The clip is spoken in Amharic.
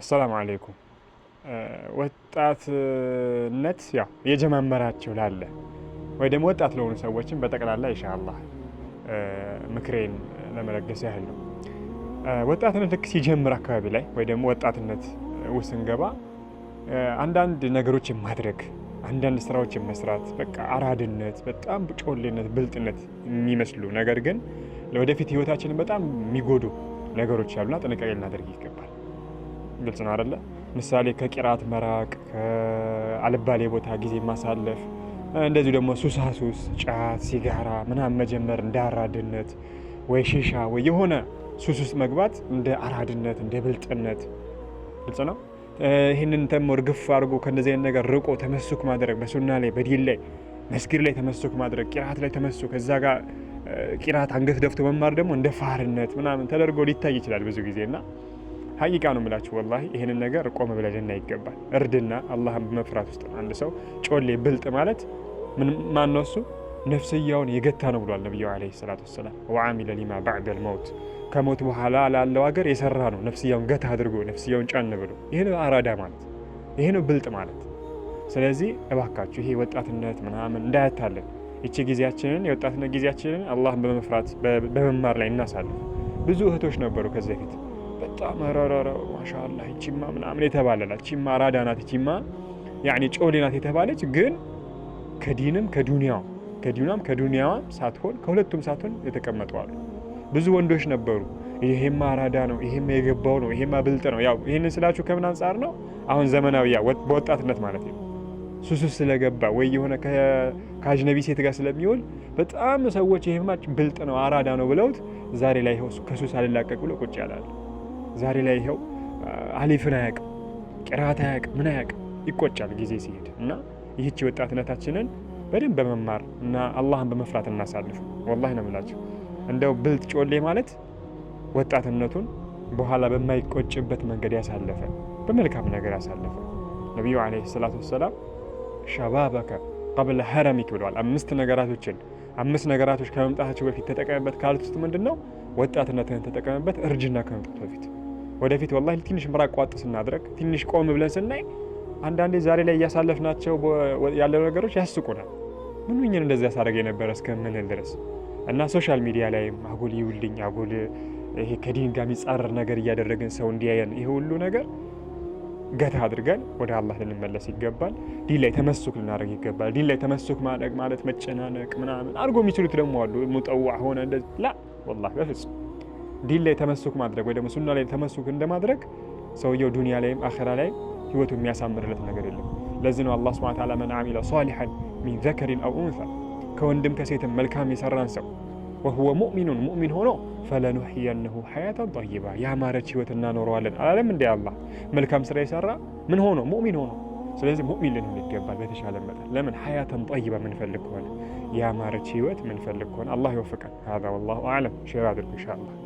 አሰላሙ አሌይኩም ወጣትነት ያው የጀማመራቸው ላለ ወይ ደግሞ ወጣት ለሆኑ ሰዎችም በጠቅላላ ኢንሻአላህ ምክሬን ለመለገስ ያህል ነው። ወጣትነት ልክ ሲጀምር አካባቢ ላይ ወይ ደግሞ ወጣትነት ውስጥ ስንገባ አንዳንድ ነገሮች የማድረግ አንዳንድ ስራዎች የመስራት በቃ አራድነት፣ በጣም ጮሌነት፣ ብልጥነት የሚመስሉ ነገር ግን ለወደፊት ህይወታችንን በጣም የሚጎዱ ነገሮች ያሉና ጥንቃቄ ልናደርግ ይገባል። ግልጽ ነው አደለ? ምሳሌ ከቂራት መራቅ፣ ከአልባሌ ቦታ ጊዜ ማሳለፍ፣ እንደዚሁ ደግሞ ሱሳሱስ፣ ጫት፣ ሲጋራ ምናምን መጀመር እንደ አራድነት ወይ ሺሻ ወይ የሆነ ሱስ ውስጥ መግባት እንደ አራድነት እንደ ብልጥነት ግልጽ ነው። ይህንን ተሞ እርግፍ አድርጎ ከእንደዚህ አይነት ነገር ርቆ ተመስኩ ማድረግ በሱና ላይ በዲል ላይ መስጊድ ላይ ተመስኩ ማድረግ ቂራት ላይ ተመሱክ እዛ ጋር ቂራት አንገት ደፍቶ መማር ደግሞ እንደ ፋርነት ምናምን ተደርጎ ሊታይ ይችላል ብዙ ጊዜ እና ሀቂቃ ነው የምላችሁ ወላሂ። ይህንን ነገር ቆም ብለን ይገባል። እርድና አላህን በመፍራት ውስጥ አንድ ሰው ጮሌ ብልጥ ማለት ማነው እሱ ነፍስያውን የገታ ነው ብሏል ነቢዩ ዓለይሂ ሰላቱ ወሰላም። ወአሚለ ሊማ ባዕደል ልመውት ከሞት በኋላ ላለው ሀገር የሰራ ነው። ነፍስያውን ገታ አድርጎ ነፍስያውን ጫን ብሎ ይህ ነው አራዳ ማለት፣ ይህ ነው ብልጥ ማለት። ስለዚህ እባካችሁ ይሄ ወጣትነት ምናምን እንዳያታለን። ይቺ ጊዜያችንን የወጣትነት ጊዜያችንን አላህን በመፍራት በመማር ላይ እናሳለን። ብዙ እህቶች ነበሩ ከዚህ በፊት በጣም ረረረ ማሻላ ይቺማ ምናምን የተባለላት ቺማ ራዳ ናት ቺማ ያኒ ጮሌ ናት የተባለች ግን ከዲንም ከዱኒያው ከዲናም ከዱኒያዋም ሳትሆን ከሁለቱም ሳትሆን የተቀመጠዋሉ። ብዙ ወንዶች ነበሩ። ይሄማ አራዳ ነው፣ ይሄማ የገባው ነው፣ ይሄማ ብልጥ ነው። ያው ይህንን ስላችሁ ከምን አንጻር ነው? አሁን ዘመናዊ ያ በወጣትነት ማለት ነው ሱሱ ስለገባ ወይ የሆነ ከአጅነቢ ሴት ጋር ስለሚውል በጣም ሰዎች ይሄማ ብልጥ ነው፣ አራዳ ነው ብለውት ዛሬ ላይ ከሱስ አልላቀቅ ብሎ ቁጭ ያላል። ዛሬ ላይ ይኸው አሊፍን አያቅ ቅራት አያቅ ምን አያቅ ይቆጫል ጊዜ ሲሄድ እና ይህቺ ወጣትነታችንን በደንብ በመማር እና አላህን በመፍራት እናሳልፍ። ወላሂ ነው የምላቸው። እንደው ብልጥ ጮሌ ማለት ወጣትነቱን በኋላ በማይቆጭበት መንገድ ያሳለፈ በመልካም ነገር ያሳለፈ። ነቢዩ ዓለይሂ ሰላቱ ወሰላም ሸባበከ ቀብለ ሀረሚክ ብለዋል። አምስት ነገራቶችን አምስት ነገራቶች ከመምጣታቸው በፊት ተጠቀምበት ካሉት ውስጥ ምንድን ነው? ወጣትነትን ተጠቀምበት እርጅና ከመምጣት በፊት ወደፊት ወላ ትንሽ ምራቅ ቋጥ ስናድረግ ትንሽ ቆም ብለን ስናይ አንዳንዴ ዛሬ ላይ እያሳለፍናቸው ያለው ነገሮች ያስቁናል። ምን ኝን እንደዚያ ያሳደረገ የነበረ እስከምንል ድረስ እና ሶሻል ሚዲያ ላይም አጉል ይውልኝ አጉል ይሄ ከዲን ጋር የሚጻረር ነገር እያደረግን ሰው እንዲያየን ይሄ ሁሉ ነገር ገታ አድርገን ወደ አላህ ልንመለስ ይገባል። ዲን ላይ ተመሱክ ልናደርግ ይገባል። ዲን ላይ ተመሱክ ማድረግ ማለት መጨናነቅ ምናምን አድርጎ የሚችሉት ደግሞ አሉ ሙጠዋዕ ሆነ እንደዚህ ላ ወላሂ በፍጹም ዲን ላይ ተመሱክ ማድረግ ወይ ደግሞ ሱና ላይ ተመሱክ እንደማድረግ ሰውየው ዱንያ ላይም አኸራ ላይ ህይወቱ የሚያሳምርለት ነገር የለም። ለዚህ ነው አላህ ሱብሓነሁ ወተዓላ መን አሚለ ሷሊሐን ሚን ዘከሪን አው ኡንሳ ከወንድም ከሴትም መልካም የሰራን ሰው ወሁወ ሙእሚኑን ሙእሚን ሆኖ ፈለኑሕየነሁ ሐያተን ጠይባ ያማረች ህይወት እናኖረዋለን አላለም እንዴ አላህ? መልካም ስራ የሰራ ምን ሆኖ ሙእሚን ሆኖ። ስለዚህ ሙእሚን ልንሆን ይገባል በተሻለ መጠን። ለምን ሐያተን ጠይባ ምንፈልግ ከሆነ ያማረች ህይወት ምንፈልግ ከሆነ አላህ ይወፍቀን። ሀዛ ወላሁ አዕለም። ሼር አድርጉ ኢንሻአላህ።